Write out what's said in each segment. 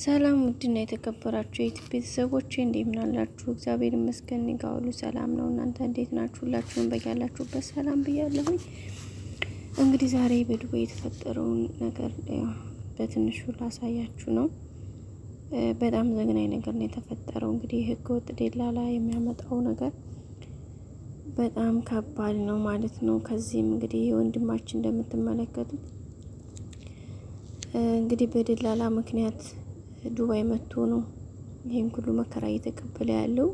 ሰላም ውድና የተከበራችሁ የኢትዮ ቤተሰቦች እንደምን አላችሁ? እግዚአብሔር ይመስገን እኔ ሁሉ ሰላም ነው። እናንተ እንዴት ናችሁ? ሁላችሁም በያላችሁበት ሰላም ብያለሁኝ። እንግዲህ ዛሬ በዱባይ የተፈጠረውን ነገር በትንሹ ላሳያችሁ ነው። በጣም ዘግናኝ ነገር ነው የተፈጠረው። እንግዲህ ህገወጥ ደላላ የሚያመጣው ነገር በጣም ከባድ ነው ማለት ነው። ከዚህም እንግዲህ ወንድማችን እንደምትመለከቱት እንግዲህ በደላላ ምክንያት ዱባይ መጥቶ ነው ይሄን ሁሉ መከራ እየተቀበለ ያለው።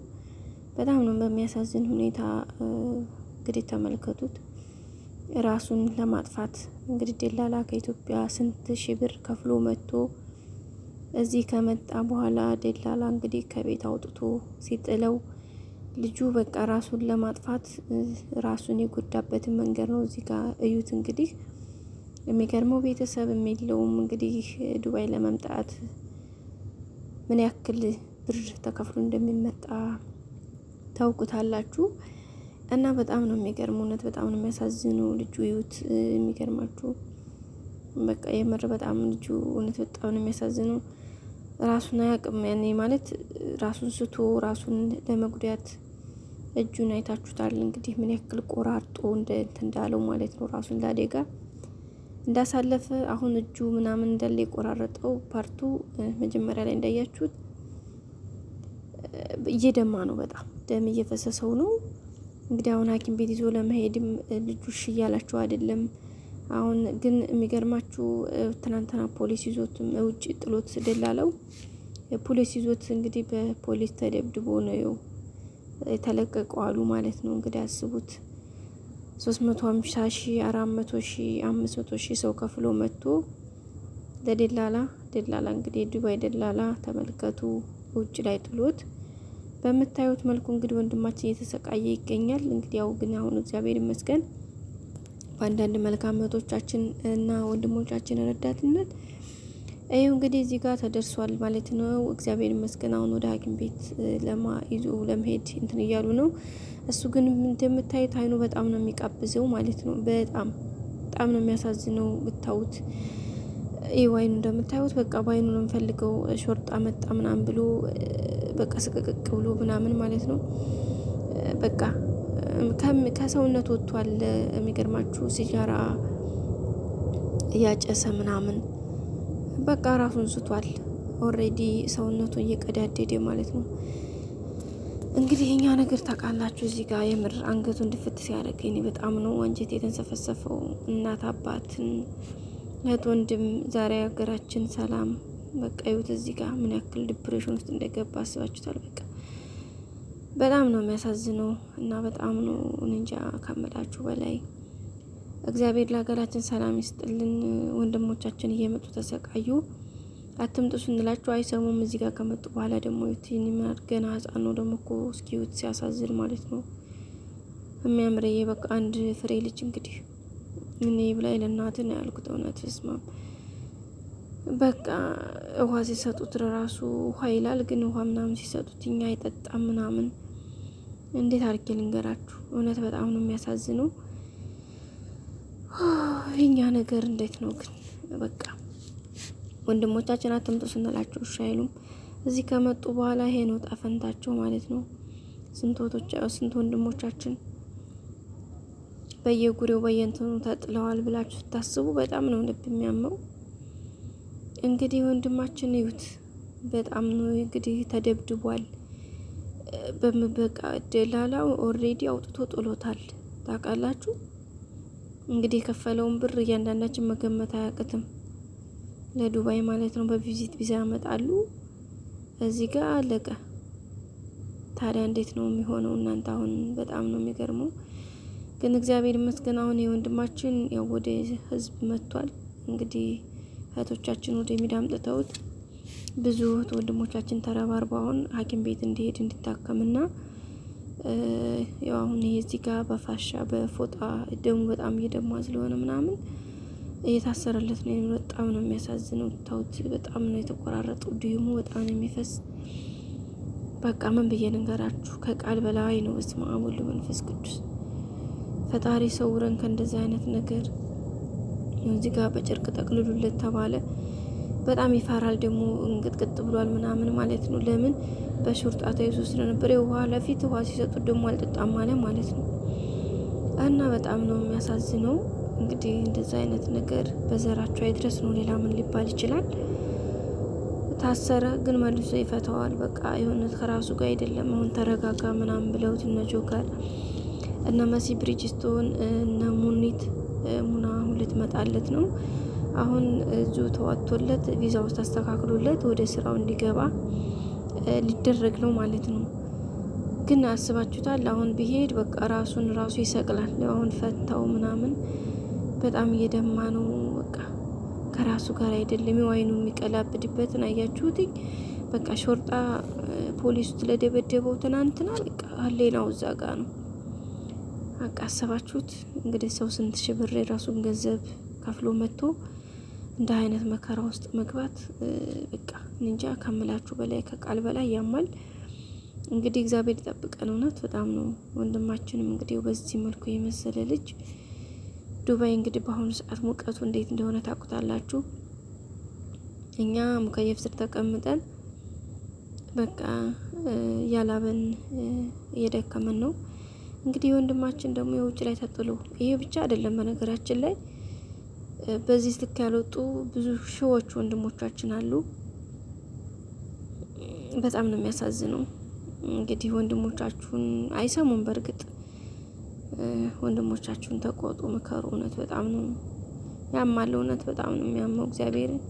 በጣም ነው በሚያሳዝን ሁኔታ እንግዲህ ተመልከቱት። ራሱን ለማጥፋት እንግዲህ ደላላ ከኢትዮጵያ ስንት ሺ ብር ከፍሎ መጥቶ እዚህ ከመጣ በኋላ ደላላ እንግዲህ ከቤት አውጥቶ ሲጥለው ልጁ በቃ ራሱን ለማጥፋት ራሱን የጎዳበትን መንገድ ነው እዚህ ጋር እዩት። እንግዲህ የሚገርመው ቤተሰብ የሚለውም እንግዲህ ዱባይ ለመምጣት ምን ያክል ብር ተከፍሎ እንደሚመጣ ታውቁታላችሁ። እና በጣም ነው የሚገርሙ እውነት በጣም ነው የሚያሳዝነው ልጁ ይሁት የሚገርማችሁ በቃ የምር በጣም ልጁ እውነት በጣም ነው የሚያሳዝነው። ራሱን አያውቅም። ያኔ ማለት ራሱን ስቶ ራሱን ለመጉዳት እጁን አይታችሁታል እንግዲህ ምን ያክል ቆራርጦ እንደ እንዳለው ማለት ነው ራሱን ለአደጋ እንዳሳለፈ አሁን እጁ ምናምን እንዳለ የቆራረጠው ፓርቱ መጀመሪያ ላይ እንዳያችሁት እየደማ ነው። በጣም ደም እየፈሰሰው ነው። እንግዲህ አሁን ሐኪም ቤት ይዞ ለመሄድም ልጁ እሺ እያላችሁ አይደለም። አሁን ግን የሚገርማችሁ ትናንትና ፖሊስ ይዞት ውጭ ጥሎት ደላለው ፖሊስ ይዞት እንግዲህ በፖሊስ ተደብድቦ ነው የተለቀቀው አሉ ማለት ነው። እንግዲህ አስቡት። ሶስት መቶ ሀምሳ ሺ አራት መቶ ሺ አምስት መቶ ሺ ሰው ከፍሎ መጥቶ ለደላላ ደላላ እንግዲህ ዱባይ ደላላ ተመልከቱ ውጭ ላይ ጥሎት በምታዩት መልኩ እንግዲህ ወንድማችን እየተሰቃየ ይገኛል። እንግዲህ ያው ግን አሁን እግዚአብሔር ይመስገን በአንዳንድ መልካም እህቶቻችን እና ወንድሞቻችን ረዳትነት ይህ እንግዲህ እዚህ ጋር ተደርሷል ማለት ነው። እግዚአብሔር ይመስገን። አሁን ወደ ሐኪም ቤት ለማ ይዞ ለመሄድ እንትን እያሉ ነው። እሱ ግን እንደምታዩት አይኑ በጣም ነው የሚቃብዘው ማለት ነው። በጣም በጣም ነው የሚያሳዝነው ብታዩት። ይህ አይኑ እንደምታዩት በቃ በአይኑ ነው የምፈልገው ሾርጣ መጣ ምናምን ብሎ በቃ ስቅቅቅ ብሎ ምናምን ማለት ነው። በቃ ከሰውነት ወጥቷል። የሚገርማችሁ ሲጃራ እያጨሰ ምናምን በቃ ራሱን ስቷል። ኦልሬዲ ሰውነቱ እየቀዳደደ ማለት ነው። እንግዲህ እኛ ነገር ታውቃላችሁ። እዚህ ጋር የምር አንገቱ እንድፍት ሲያደርግ እኔ በጣም ነው አንጀት የተንሰፈሰፈው። እናት አባትን፣ እህት ወንድም፣ ዛሬ ሀገራችን ሰላም በቃ ይሁት እዚህ ጋር ምን ያክል ዲፕሬሽን ውስጥ እንደገባ አስባችሁታል። በቃ በጣም ነው የሚያሳዝነው እና በጣም ነው እንጃ ከምላችሁ በላይ እግዚአብሔር ለሀገራችን ሰላም ይስጥልን። ወንድሞቻችን እየመጡ ተሰቃዩ። አትምጡ ስንላቸው አይሰሙም። እዚህ ጋር ከመጡ በኋላ ደግሞ ዩቲኒማር ገና ህጻን ነው ደግሞ እኮ እስኪዩት ሲያሳዝን ማለት ነው። የሚያምረዬ በቃ አንድ ፍሬ ልጅ እንግዲህ እኔ ብላይ ለእናትን ያልኩት። እውነት ስማም በቃ ውሃ ሲሰጡት ራሱ ውሃ ይላል፣ ግን ውሃ ምናምን ሲሰጡት እኛ አይጠጣም ምናምን። እንዴት አድርጌ ልንገራችሁ? እውነት በጣም ነው የሚያሳዝነው። ይሄኛ ነገር እንዴት ነው ግን? በቃ ወንድሞቻችን አትምጡ ስንላቸው እሺ አይሉም። እዚህ ከመጡ በኋላ ይሄ ነው ጣፈንታቸው ማለት ነው። ስንት ወንድሞቻችን በየጉሬው በየእንትኑ ተጥለዋል ብላችሁ ስታስቡ በጣም ነው ልብ የሚያመው። እንግዲህ ወንድማችን እዩት፣ በጣም ነው እንግዲህ ተደብድቧል። በቃ ደላላው ኦልሬዲ አውጥቶ ጥሎታል ታውቃላችሁ። እንግዲህ የከፈለውን ብር እያንዳንዳችን መገመት አያቅትም። ለዱባይ ማለት ነው። በቪዚት ቪዛ ያመጣሉ እዚህ ጋር አለቀ። ታዲያ እንዴት ነው የሚሆነው? እናንተ አሁን በጣም ነው የሚገርመው። ግን እግዚአብሔር ይመስገን አሁን የወንድማችን ያው ወደ ህዝብ መጥቷል። እንግዲህ እህቶቻችን ወደ ሚዲያ አምጥተውት ብዙ እህት ወንድሞቻችን ተረባርበው አሁን ሐኪም ቤት እንዲሄድ እንዲታከምና ያው አሁን ይሄ እዚህ ጋር በፋሻ በፎጣ ደሙ በጣም እየደማ ስለሆነ ምናምን እየታሰረለት ነው። በጣም ነው የሚያሳዝነው። ታውት በጣም ነው የተቆራረጠው። ደሙ በጣም ነው የሚፈስ። በቃ ምን ብዬ ልንገራችሁ? ከቃል በላይ ነው። በስመ አብ ወወልድ ወመንፈስ ቅዱስ። ፈጣሪ ሰውረን ከእንደዚህ አይነት ነገር። እዚህ ጋር በጨርቅ ጠቅልሉለት ተባለ። በጣም ይፈራል ደግሞ እንቅጥቅጥ ብሏል ምናምን ማለት ነው። ለምን በሹርጣ ተይዞ ስለነበር ውሃ ለፊት ውሃ ሲሰጡት ደግሞ አልጠጣም አለ ማለት ነው። እና በጣም ነው የሚያሳዝነው። እንግዲህ እንደዚ አይነት ነገር በዘራቸው አይድረስ ነው። ሌላ ምን ሊባል ይችላል? ታሰረ ግን መልሶ ይፈታዋል። በቃ የሆነት ከራሱ ጋር አይደለም። አሁን ተረጋጋ ምናምን ብለውት እነ ጆከር እነ መሲ ብሪጅስቶን እነ ሙኒት ሙና ሁለት መጣለት ነው አሁን እዙ ተዋጥቶለት ቪዛ ውስጥ አስተካክሎለት ወደ ስራው እንዲገባ ሊደረግ ነው ማለት ነው። ግን አስባችሁታል? አሁን ቢሄድ በቃ ራሱን ራሱ ይሰቅላል። አሁን ፈታው ምናምን በጣም እየደማ ነው። በቃ ከራሱ ጋር አይደለም። የዋይኑ የሚቀላብድበትን አያችሁት? በቃ ሾርጣ ፖሊሱ ለደበደበው ትናንትና በቃ ሌላው እዛ ጋ ነው። አቃ አሰባችሁት? እንግዲህ ሰው ስንት ሺህ ብር የራሱን ገንዘብ ከፍሎ መጥቶ እንደ አይነት መከራ ውስጥ መግባት በቃ እንጃ ከምላችሁ በላይ ከቃል በላይ ያማል። እንግዲህ እግዚአብሔር ይጠብቀን። እውነት በጣም ነው። ወንድማችንም እንግዲህ በዚህ መልኩ የመሰለ ልጅ ዱባይ እንግዲህ በአሁኑ ሰዓት ሙቀቱ እንዴት እንደሆነ ታውቁታላችሁ። እኛ ሙከየፍ ስር ተቀምጠን በቃ ያላበን እየደከመን ነው። እንግዲህ ወንድማችን ደግሞ የውጭ ላይ ተጥሎ ይሄ ብቻ አይደለም በነገራችን ላይ በዚህ ስልክ ያልወጡ ብዙ ሺዎች ወንድሞቻችን አሉ። በጣም ነው የሚያሳዝነው። እንግዲህ ወንድሞቻችሁን አይሰሙም። በእርግጥ ወንድሞቻችሁን ተቆጡ፣ ምከሩ። እውነት በጣም ነው ያማለ። እውነት በጣም ነው የሚያመው። እግዚአብሔርን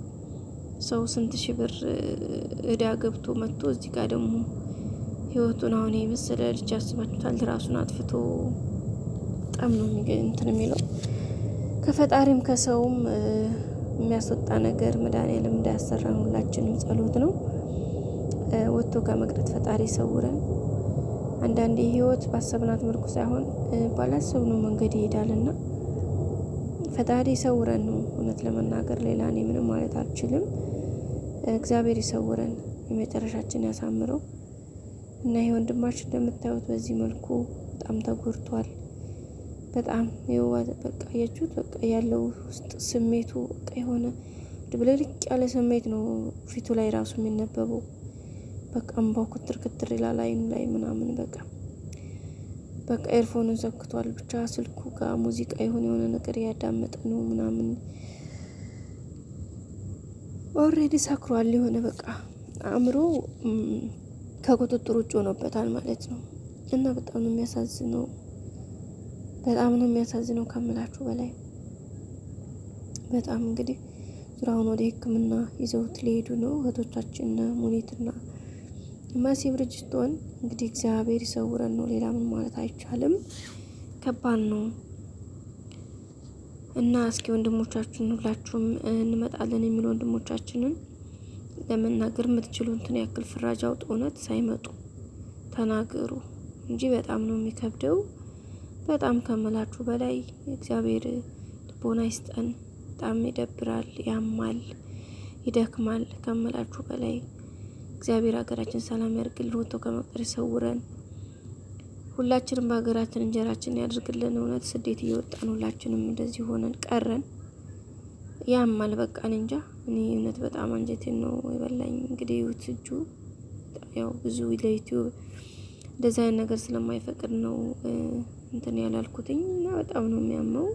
ሰው ስንት ሺ ብር እዳ ገብቶ መጥቶ እዚህ ጋር ደግሞ ህይወቱን አሁን የመሰለ ልጅ ያስባችሁታል። ራሱን አጥፍቶ በጣም ነው እንትን የሚለው ከፈጣሪም ከሰውም የሚያስወጣ ነገር መድኃኒዓለም እንዳያሰራን ሁላችንም ጸሎት ነው። ወጥቶ ከመቅረት ፈጣሪ ይሰውረን። አንዳንዴ ህይወት ባሰብናት መልኩ ሳይሆን ባላሰብነው መንገድ ይሄዳልና ፈጣሪ ይሰውረን ነው። እውነት ለመናገር ሌላ እኔ ምንም ማለት አልችልም። እግዚአብሔር ይሰውረን፣ የመጨረሻችን ያሳምረው እና ይህ ወንድማችን እንደምታዩት በዚህ መልኩ በጣም ተጎድቷል። በጣም የዋዘ በቃ ያችሁት በቃ ያለው ውስጥ ስሜቱ በቃ የሆነ ድብልቅልቅ ያለ ስሜት ነው ፊቱ ላይ ራሱ የሚነበበው። በቃ እምባው ክትር ክትር ይላል አይኑ ላይ ምናምን በቃ በቃ ኤርፎኑን ዘግቷል። ብቻ ስልኩ ጋር ሙዚቃ የሆነ የሆነ ነገር ያዳመጠ ነው ምናምን ኦሬዲ ሰክሯል። የሆነ በቃ አእምሮ ከቁጥጥር ውጭ ሆኖበታል ማለት ነው። እና በጣም ነው የሚያሳዝነው። በጣም ነው የሚያሳዝነው ከምላችሁ በላይ በጣም እንግዲህ ዙራውን ወደ ህክምና ይዘውት ሊሄዱ ነው እህቶቻችን ሙኒትና መሲ ብርጅቶን። እንግዲህ እግዚአብሔር ይሰውረን ነው ሌላ ምን ማለት አይቻልም። ከባድ ነው እና እስኪ ወንድሞቻችን ሁላችሁም እንመጣለን የሚሉ ወንድሞቻችንን ለመናገር እንትን ያክል ፍራጅ አውጥ እውነት ሳይመጡ ተናገሩ እንጂ በጣም ነው የሚከብደው። በጣም ከምላችሁ በላይ እግዚአብሔር ልቦና ይስጠን። በጣም ይደብራል፣ ያማል፣ ይደክማል ከምላችሁ በላይ እግዚአብሔር ሀገራችን ሰላም ያርግልን፣ ወጥቶ ከመቅጠር ይሰውረን። ሁላችንም በሀገራችን እንጀራችን ያድርግልን። እውነት ስደት እየወጣን ሁላችንም እንደዚህ ሆነን ቀረን። ያማል፣ በቃ እንጃ። እኔ እውነት በጣም አንጀቴን ነው የበላኝ። እንግዲህ ውትጁ ያው ብዙ ለዩቲዩብ እንደዚህ አይነት ነገር ስለማይፈቅድ ነው እንትን ያላልኩትኝ እና በጣም ነው የሚያመው።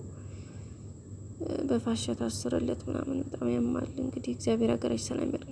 በፋሻ ታስረለት ምናምን በጣም ያማል። እንግዲህ እግዚአብሔር ሀገራችን ሰላም